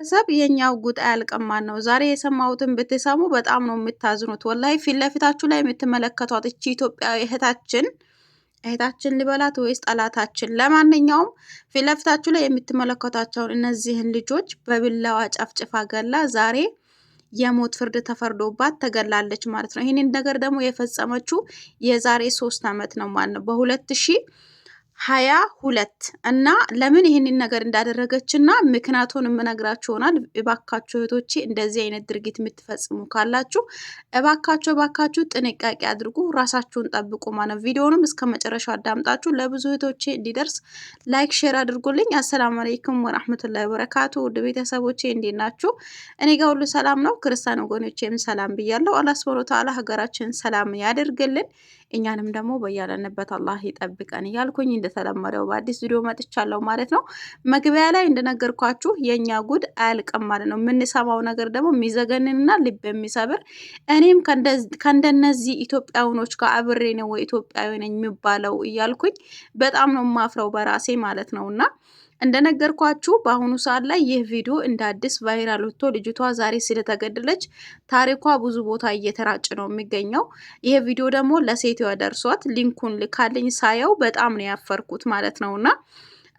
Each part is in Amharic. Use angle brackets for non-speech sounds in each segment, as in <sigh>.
ቤተሰብ የኛው ጉጥ አያልቅም። ነው ዛሬ የሰማሁትን ብትሰሙ በጣም ነው የምታዝኑት። ወላይ ፊት ለፊታችሁ ላይ የምትመለከቷት እቺ ኢትዮጵያዊ እህታችን እህታችን ልበላት ወይስ ጠላታችን? ለማንኛውም ፊት ለፊታችሁ ላይ የምትመለከቷቸውን እነዚህን ልጆች በቢላዋ ጨፍጭፋ ገላ ዛሬ የሞት ፍርድ ተፈርዶባት ተገላለች ማለት ነው። ይህንን ነገር ደግሞ የፈጸመችው የዛሬ ሶስት አመት ነው ማለት ነው በሁለት ሺህ ሀያ ሁለት እና ለምን ይህንን ነገር እንዳደረገች እና ምክንያቱን የምነግራችሁ ይሆናል። እባካችሁ እህቶቼ እንደዚህ አይነት ድርጊት የምትፈጽሙ ካላችሁ እባካችሁ እባካችሁ ጥንቃቄ አድርጉ፣ ራሳችሁን ጠብቁ ማለት ቪዲዮንም እስከ መጨረሻው አዳምጣችሁ ለብዙ እህቶቼ እንዲደርስ ላይክ፣ ሼር አድርጉልኝ። አሰላሙ አለይኩም ወራህመቱላሂ ወበረካቱ። ውድ ቤተሰቦቼ እንዴት ናችሁ? እኔ ጋር ሁሉ ሰላም ነው። ክርስቲያን ወገኖቼም ሰላም ብያለሁ። አላህ ሱብሃነሁ ወተዓላ ሀገራችን ሰላም ያደርግልን፣ እኛንም ደግሞ በያለንበት አላህ ይጠብቀን እያልኩኝ እንደተለመደው በአዲስ ቪዲዮ መጥቻለሁ ማለት ነው። መግቢያ ላይ እንደነገርኳችሁ የእኛ ጉድ አያልቅም ማለት ነው። የምንሰማው ነገር ደግሞ የሚዘገንንና ልብ የሚሰብር እኔም ከእንደነዚህ ኢትዮጵያውኖች ጋር አብሬ ነው ኢትዮጵያዊ ነኝ የሚባለው እያልኩኝ በጣም ነው ማፍረው በራሴ ማለት ነው እና እንደነገርኳችሁ በአሁኑ ሰዓት ላይ ይህ ቪዲዮ እንደ አዲስ ቫይራል ወጥቶ ልጅቷ ዛሬ ስለተገደለች ታሪኳ ብዙ ቦታ እየተራጭ ነው የሚገኘው። ይሄ ቪዲዮ ደግሞ ለሴትዋ ደርሷት ሊንኩን ልካልኝ ሳየው በጣም ነው ያፈርኩት ማለት ነውና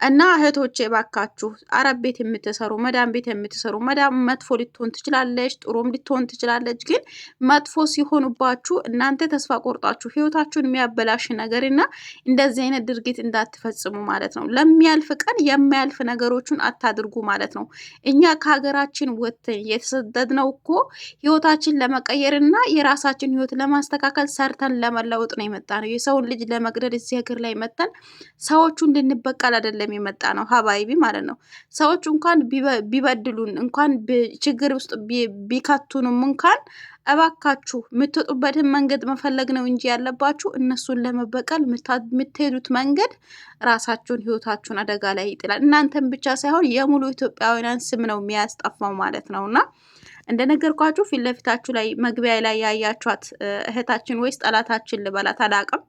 እና እህቶቼ ባካችሁ አረብ ቤት የምትሰሩ መዳም ቤት የምትሰሩ መዳም መጥፎ ልትሆን ትችላለች፣ ጥሩም ልትሆን ትችላለች። ግን መጥፎ ሲሆኑባችሁ እናንተ ተስፋ ቆርጣችሁ ህይወታችሁን የሚያበላሽ ነገር እና እንደዚህ አይነት ድርጊት እንዳትፈጽሙ ማለት ነው። ለሚያልፍ ቀን የማያልፍ ነገሮችን አታድርጉ ማለት ነው። እኛ ከሀገራችን ወጥተን የተሰደድነው እኮ ህይወታችን ለመቀየር እና የራሳችን ህይወት ለማስተካከል ሰርተን ለመለወጥ ነው የመጣ ነው። የሰውን ልጅ ለመግደል እዚህ እግር ላይ መጥተን ሰዎቹን ልንበቀል አይደለም አይደለም የመጣ ነው ሀባይቢ ማለት ነው። ሰዎች እንኳን ቢበድሉን እንኳን ችግር ውስጥ ቢከቱንም እንኳን እባካችሁ የምትወጡበትን መንገድ መፈለግ ነው እንጂ ያለባችሁ እነሱን ለመበቀል የምትሄዱት መንገድ ራሳችሁን ህይወታችሁን አደጋ ላይ ይጥላል። እናንተን ብቻ ሳይሆን የሙሉ ኢትዮጵያውያን ስም ነው የሚያስጠፋው ማለት ነው እና እንደነገርኳችሁ ፊት ለፊታችሁ ላይ መግቢያ ላይ ያያችኋት እህታችን ወይስ ጠላታችን ልበላት አላቅም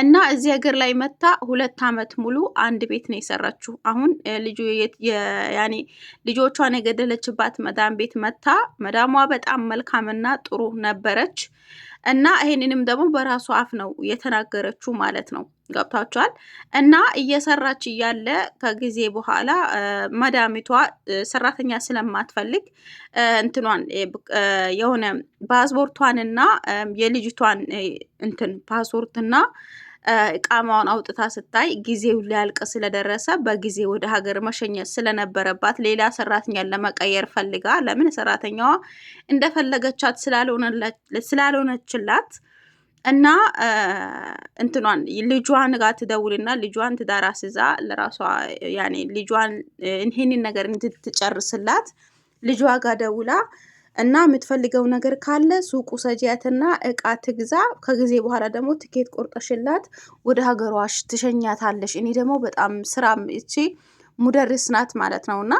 እና እዚህ ሀገር ላይ መታ ሁለት አመት ሙሉ አንድ ቤት ነው የሰራችው። አሁን ልጁ ያኔ ልጆቿን የገደለችባት መዳም ቤት መታ። መዳሟ በጣም መልካምና ጥሩ ነበረች። እና ይሄንንም ደግሞ በራሱ አፍ ነው የተናገረችው ማለት ነው። ገብታችኋል። እና እየሰራች እያለ ከጊዜ በኋላ መዳሚቷ ሰራተኛ ስለማትፈልግ እንትኗን የሆነ ፓስፖርቷንና የልጅቷን እንትን ፓስፖርትና እቃማውን አውጥታ ስታይ ጊዜው ሊያልቅ ስለደረሰ በጊዜ ወደ ሀገር መሸኘት ስለነበረባት ሌላ ሰራተኛን ለመቀየር ፈልጋ ለምን ሰራተኛዋ እንደፈለገቻት ስላልሆነችላት እና እንትኗን ልጇን ጋር ትደውልና ልጇን ትዳር አስይዛ ለራሷ ያኔ ልጇን ይህንን ነገር እንድትጨርስላት ልጇ ጋር ደውላ እና የምትፈልገው ነገር ካለ ሱቁ ሰጂያትና እቃ ትግዛ። ከጊዜ በኋላ ደግሞ ትኬት ቆርጠሽላት ወደ ሀገሯሽ ትሸኛታለሽ። እኔ ደግሞ በጣም ስራ እቺ ሙደርስ ናት ማለት ነው እና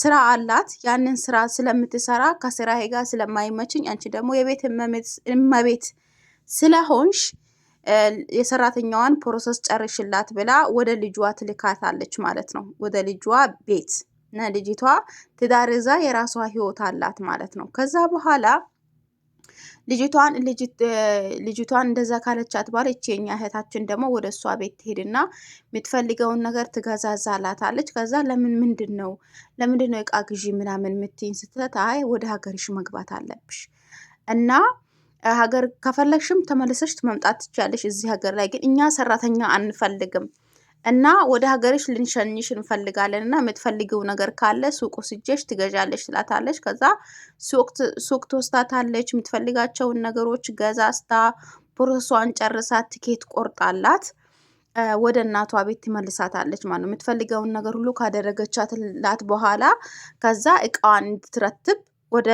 ስራ አላት። ያንን ስራ ስለምትሰራ ከስራዬ ጋር ስለማይመችኝ፣ አንቺ ደግሞ የቤት እመቤት ስለሆንሽ የሰራተኛዋን ፕሮሰስ ጨርሽላት ብላ ወደ ልጇ ትልካታለች ማለት ነው ወደ ልጇ ቤት እና ልጅቷ ትዳር ይዛ የራሷ ህይወት አላት ማለት ነው። ከዛ በኋላ ልጅቷን ልጅቷን እንደዛ ካለቻት በኋላ የኛ እህታችን ደግሞ ወደ እሷ ቤት ትሄድና የምትፈልገውን ነገር ትገዛዛላታለች። ከዛ ለምን ምንድን ነው ለምንድን ነው እቃ ግዢ ምናምን የምትይኝ ስትላት፣ አይ ወደ ሀገርሽ መግባት አለብሽ እና ሀገር ከፈለግሽም ተመልሰሽ መምጣት ትችላለሽ። እዚህ ሀገር ላይ ግን እኛ ሰራተኛ አንፈልግም እና ወደ ሀገርሽ ልንሸኝሽ እንፈልጋለን እና የምትፈልጊው ነገር ካለ ሱቁ ስጀሽ ትገዣለሽ ትላታለች። ከዛ ሱቅ ትወስታታለች። የምትፈልጋቸውን ነገሮች ገዛስታ ፕሮሰሷን ጨርሳት ትኬት ቆርጣላት ወደ እናቷ ቤት ትመልሳታለች ማለት ነው። የምትፈልገውን ነገር ሁሉ ካደረገቻትላት በኋላ ከዛ እቃዋን እንድትረትብ ወደ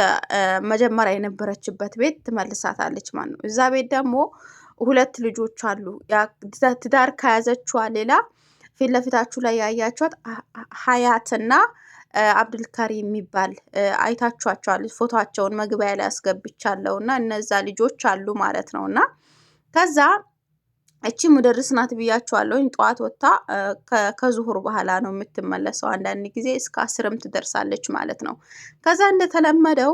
መጀመሪያ የነበረችበት ቤት ትመልሳታለች ማለት ነው። እዛ ቤት ደግሞ ሁለት ልጆች አሉ። ትዳር ከያዘችዋ ሌላ ፊት ለፊታችሁ ላይ ያያችኋት ሀያትና አብዱልካሪም የሚባል አይታችኋቸዋል። ፎቶቸውን መግቢያ ላይ አስገብቻለሁ እና እነዛ ልጆች አሉ ማለት ነው እና ከዛ እቺ ሙደርስ ናት ብያቸዋለሁኝ። ጠዋት ወጥታ ከዙሁር በኋላ ነው የምትመለሰው። አንዳንድ ጊዜ እስከ አስርም ትደርሳለች ማለት ነው። ከዛ እንደተለመደው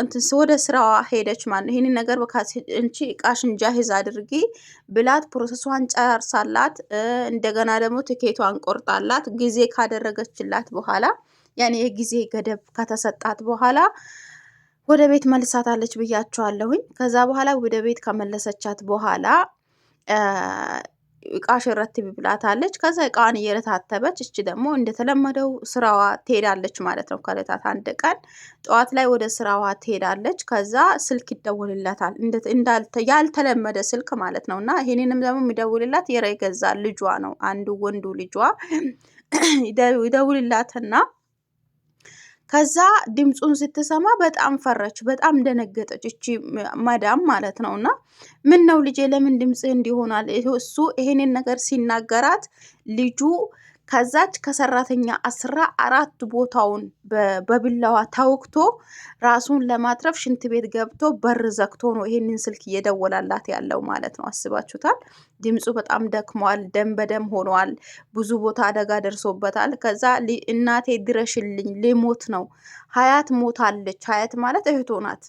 እንትን ወደ ስራዋ ሄደች ማለት ነው። ይህንን ነገር እንቺ እቃሽን ጃሂዝ አድርጊ ብላት ፕሮሰሷን ጨርሳላት እንደገና ደግሞ ትኬቷን ቆርጣላት ጊዜ ካደረገችላት በኋላ ያኔ የጊዜ ገደብ ከተሰጣት በኋላ ወደ ቤት መልሳታለች ብያቸዋለሁኝ። ከዛ በኋላ ወደ ቤት ከመለሰቻት በኋላ እቃ ሽረት ብላታለች ከዛ እቃዋን እየረታተበች እች ደግሞ እንደተለመደው ስራዋ ትሄዳለች ማለት ነው። ከለታት አንድ ቀን ጠዋት ላይ ወደ ስራዋ ትሄዳለች። ከዛ ስልክ ይደውልላታል፣ ያልተለመደ ስልክ ማለት ነው። እና ይሄንንም ደግሞ የሚደውልላት የራ ገዛ ልጇ ነው፣ አንዱ ወንዱ ልጇ <clears throat> ይደውልላትና ከዛ ድምፁን ስትሰማ በጣም ፈራች፣ በጣም ደነገጠች። እቺ መዳም ማለት ነው። እና ምን ነው ልጄ፣ ለምን ድምፅህ እንዲሆናል? እሱ ይሄንን ነገር ሲናገራት ልጁ ከዛች ከሰራተኛ አስራ አራት ቦታውን በቢላዋ ተወግቶ ራሱን ለማትረፍ ሽንት ቤት ገብቶ በር ዘግቶ ነው ይሄንን ስልክ እየደወላላት ያለው ማለት ነው። አስባችሁታል? ድምፁ በጣም ደክሟል። ደም በደም ሆኗል። ብዙ ቦታ አደጋ ደርሶበታል። ከዛ እናቴ ድረሽልኝ ልሞት ነው ሀያት ሞታለች። ሀያት ማለት እህቶ ናት።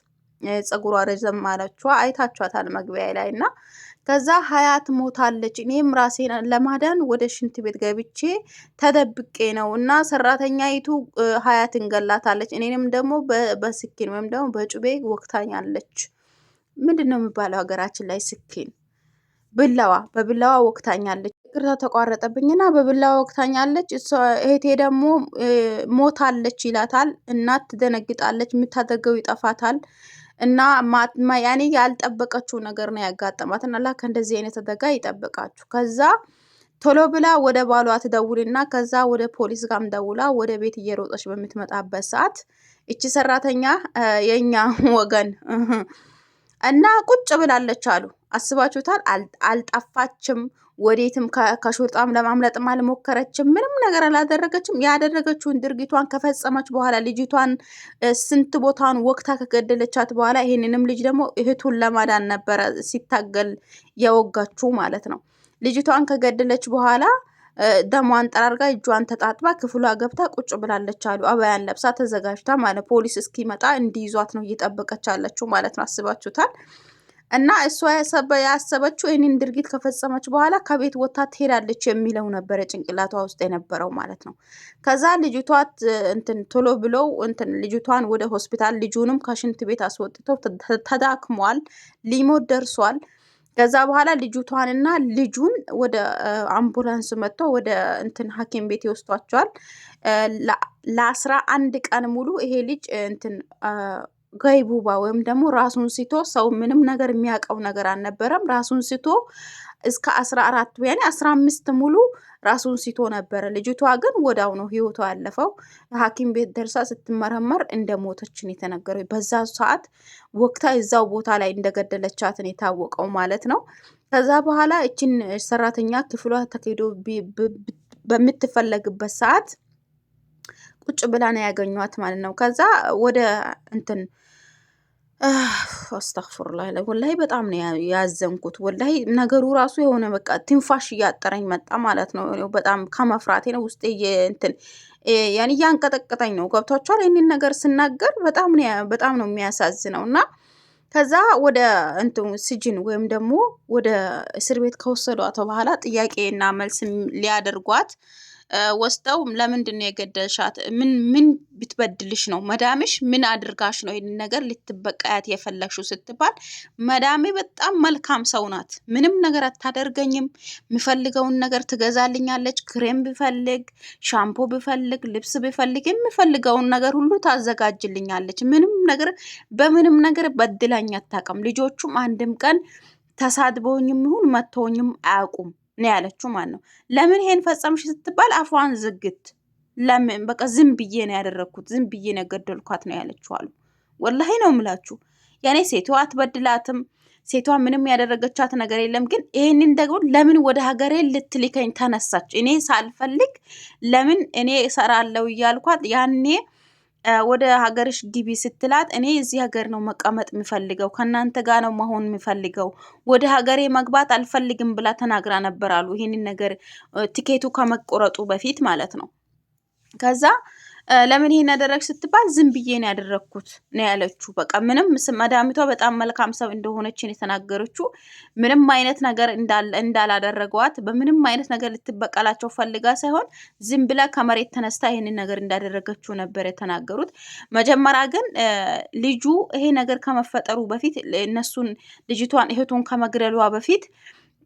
ፀጉሯ ረዘም ማለቿ አይታችኋታል መግቢያ ላይ እና ከዛ ሀያት ሞታለች። እኔም ራሴን ለማዳን ወደ ሽንት ቤት ገብቼ ተደብቄ ነው እና ሰራተኛይቱ ሀያት እንገላታለች። እኔንም ደግሞ በስኪን ወይም ደግሞ በጩቤ ወቅታኛለች። ምንድን ነው የሚባለው ሀገራችን ላይ ስኪን ብላዋ በብላዋ ወቅታኛለች። ቅርታ ተቋረጠብኝና በብላዋ ወቅታኛለች። እህቴ ደግሞ ሞታለች ይላታል። እናት ትደነግጣለች። የምታደርገው ይጠፋታል። እና ያኔ ያልጠበቀችው ነገር ነው ያጋጠማት። እና አላህ ከእንደዚህ አይነት አደጋ ይጠብቃችሁ። ከዛ ቶሎ ብላ ወደ ባሏ ትደውልና ከዛ ወደ ፖሊስ ጋርም ደውላ ወደ ቤት እየሮጠች በምትመጣበት ሰዓት እቺ ሰራተኛ የእኛ ወገን <laughs> እና ቁጭ ብላለች አሉ አስባችሁታል? አልጠፋችም። ወዴትም ከሾጣም ለማምለጥም አልሞከረችም። ምንም ነገር አላደረገችም። ያደረገችውን ድርጊቷን ከፈጸመች በኋላ ልጅቷን ስንት ቦታን ወቅታ ከገደለቻት በኋላ ይህንንም ልጅ ደግሞ እህቱን ለማዳን ነበረ ሲታገል የወጋችው ማለት ነው። ልጅቷን ከገደለች በኋላ ደሟን ጠራርጋ እጇን ተጣጥባ ክፍሏ ገብታ ቁጭ ብላለች አሉ። አባያን ለብሳ ተዘጋጅታ ማለት ፖሊስ እስኪመጣ እንዲይዟት ነው እየጠበቀች ያለችው ማለት ነው። አስባችሁታል? እና እሷ ያሰበችው ይህንን ድርጊት ከፈጸመች በኋላ ከቤት ወታ ትሄዳለች የሚለው ነበረ ጭንቅላቷ ውስጥ የነበረው ማለት ነው። ከዛ ልጅቷ እንትን ቶሎ ብለው እንትን ልጅቷን ወደ ሆስፒታል ልጁንም ከሽንት ቤት አስወጥተው ተዳክሟል፣ ሊሞት ደርሷል። ከዛ በኋላ ልጅቷንና ልጁን ወደ አምቡላንስ መጥቶ ወደ እንትን ሐኪም ቤት ይወስዷቸዋል። ለአስራ አንድ ቀን ሙሉ ይሄ ልጅ እንትን ገይቡባ ወይም ደግሞ ራሱን ስቶ ሰው ምንም ነገር የሚያውቀው ነገር አልነበረም። ራሱን ስቶ እስከ አስራ አራት ያኔ አስራ አምስት ሙሉ ራሱን ስቶ ነበረ። ልጅቷ ግን ወዳው ነው ህይወቷ ያለፈው። ሐኪም ቤት ደርሳ ስትመረመር እንደ ሞተች ነው የተነገረው በዛ ሰዓት ወቅታ እዛው ቦታ ላይ እንደገደለቻትን የታወቀው ማለት ነው። ከዛ በኋላ እችን ሰራተኛ ክፍሏ ተካሂዶ በምትፈለግበት ሰዓት ቁጭ ብላ ነው ያገኟት ማለት ነው። ከዛ ወደ እንትን አስተፍሩላ ወላሂ በጣም ነው ያዘንኩት። ወላሂ ነገሩ ራሱ የሆነ በቃ ትንፋሽ እያጠረኝ መጣ ማለት ነው። በጣም ከመፍራቴ ነው ውስጤ እንትን ያን እያንቀጠቀጠኝ ነው። ገብቷችኋል? ይህንን ነገር ስናገር በጣም በጣም ነው የሚያሳዝነው። እና ከዛ ወደ እንትን ስጅን ወይም ደግሞ ወደ እስር ቤት ከወሰዷት በኋላ ጥያቄና መልስ ሊያደርጓት ወስደው ለምንድን ነው የገደልሻት? ምን ምን ብትበድልሽ ነው መዳምሽ? ምን አድርጋሽ ነው ይህንን ነገር ልትበቃያት የፈለግሽው? ስትባል መዳሜ በጣም መልካም ሰው ናት፣ ምንም ነገር አታደርገኝም፣ የሚፈልገውን ነገር ትገዛልኛለች። ክሬም ብፈልግ፣ ሻምፖ ብፈልግ፣ ልብስ ብፈልግ፣ የሚፈልገውን ነገር ሁሉ ታዘጋጅልኛለች። ምንም ነገር በምንም ነገር በድላኝ አታውቅም። ልጆቹም አንድም ቀን ተሳድበውኝም ይሁን መተውኝም አያውቁም። ነው ያለችው ማለት ነው። ለምን ይሄን ፈጸምሽ ስትባል አፏን ዝግት። ለምን በቃ ዝም ብዬ ነው ያደረግኩት፣ ዝም ብዬ ነው ገደልኳት ነው ያለችው አሉ። ወላሂ ነው ምላችሁ። ያኔ ሴቷ አትበድላትም፣ ሴቷ ምንም ያደረገቻት ነገር የለም። ግን ይህንን ደግሞ ለምን ወደ ሀገሬ ልትልከኝ ተነሳች? እኔ ሳልፈልግ ለምን እኔ እሰራለሁ እያልኳት ያኔ ወደ ሀገርሽ ግቢ ስትላት እኔ እዚህ ሀገር ነው መቀመጥ የምፈልገው፣ ከእናንተ ጋር ነው መሆን የምፈልገው፣ ወደ ሀገሬ መግባት አልፈልግም ብላ ተናግራ ነበር አሉ። ይህንን ነገር ቲኬቱ ከመቆረጡ በፊት ማለት ነው። ከዛ ለምን ይሄን ያደረግሽ ስትባል ዝም ብዬ ነው ያደረግኩት ነው ያለችው። በቃ ምንም መዳሚቷ በጣም መልካም ሰው እንደሆነች የተናገረችው ምንም አይነት ነገር እንዳላደረገዋት በምንም አይነት ነገር ልትበቀላቸው ፈልጋ ሳይሆን ዝም ብላ ከመሬት ተነስታ ይህንን ነገር እንዳደረገችው ነበር የተናገሩት። መጀመሪያ ግን ልጁ ይሄ ነገር ከመፈጠሩ በፊት እነሱን ልጅቷን እህቱን ከመግደሏ በፊት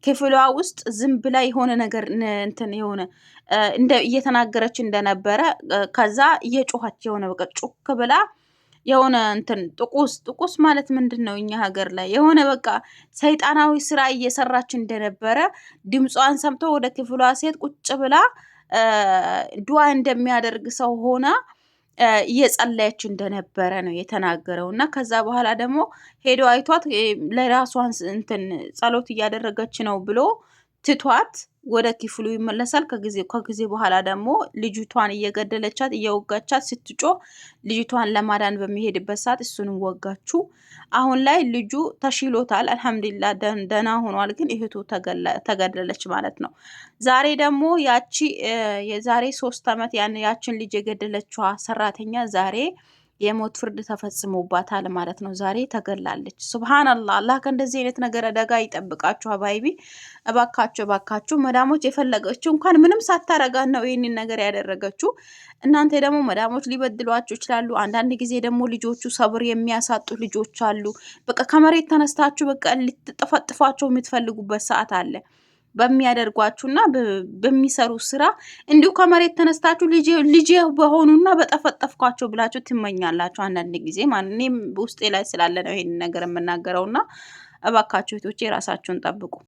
ክፍሏ ውስጥ ዝም ብላ የሆነ ነገር እንትን የሆነ እየተናገረች እንደነበረ ከዛ እየጮኸች የሆነ በቃ ጩክ ብላ የሆነ እንትን ጥቁስ ጥቁስ ማለት ምንድን ነው? እኛ ሀገር ላይ የሆነ በቃ ሰይጣናዊ ስራ እየሰራች እንደነበረ ድምጿን ሰምቶ ወደ ክፍሏ ሴት ቁጭ ብላ ድዋ እንደሚያደርግ ሰው ሆና እየጸለየች እንደነበረ ነው የተናገረው። እና ከዛ በኋላ ደግሞ ሄዶ አይቷት ለራሷን እንትን ጸሎት እያደረገች ነው ብሎ ትቷት ወደ ክፍሉ ይመለሳል። ከጊዜ ከጊዜ በኋላ ደግሞ ልጅቷን እየገደለቻት እየወጋቻት ስትጮ ልጅቷን ለማዳን በሚሄድበት ሰዓት እሱን ወጋችሁ። አሁን ላይ ልጁ ተሽሎታል፣ አልሐምዱሊላ ደህና ሆኗል። ግን እህቱ ተገደለች ማለት ነው። ዛሬ ደግሞ ያቺ የዛሬ ሶስት ዓመት ያን ያችን ልጅ የገደለችዋ ሰራተኛ ዛሬ የሞት ፍርድ ተፈጽሞባታል ማለት ነው። ዛሬ ተገላለች። ሱብሃነላህ። አላህ ከእንደዚህ አይነት ነገር አደጋ ይጠብቃችሁ። አባይቢ እባካችሁ፣ እባካችሁ መዳሞች የፈለገችው እንኳን ምንም ሳታረጋት ነው ይህንን ነገር ያደረገችው። እናንተ ደግሞ መዳሞች ሊበድሏችሁ ይችላሉ። አንዳንድ ጊዜ ደግሞ ልጆቹ ሰብር የሚያሳጡ ልጆች አሉ። በቃ ከመሬት ተነስታችሁ በቃ ልትጠፈጥፏቸው የምትፈልጉበት ሰዓት አለ። በሚያደርጓችሁና በሚሰሩ ስራ እንዲሁ ከመሬት ተነስታችሁ ልጄ በሆኑና በጠፈጠፍኳቸው ብላችሁ ትመኛላችሁ። አንዳንድ ጊዜ ማለት እኔም ውስጤ ላይ ስላለ ነው ይሄን ነገር የምናገረውና እባካችሁ ቶቼ ራሳችሁን ጠብቁ።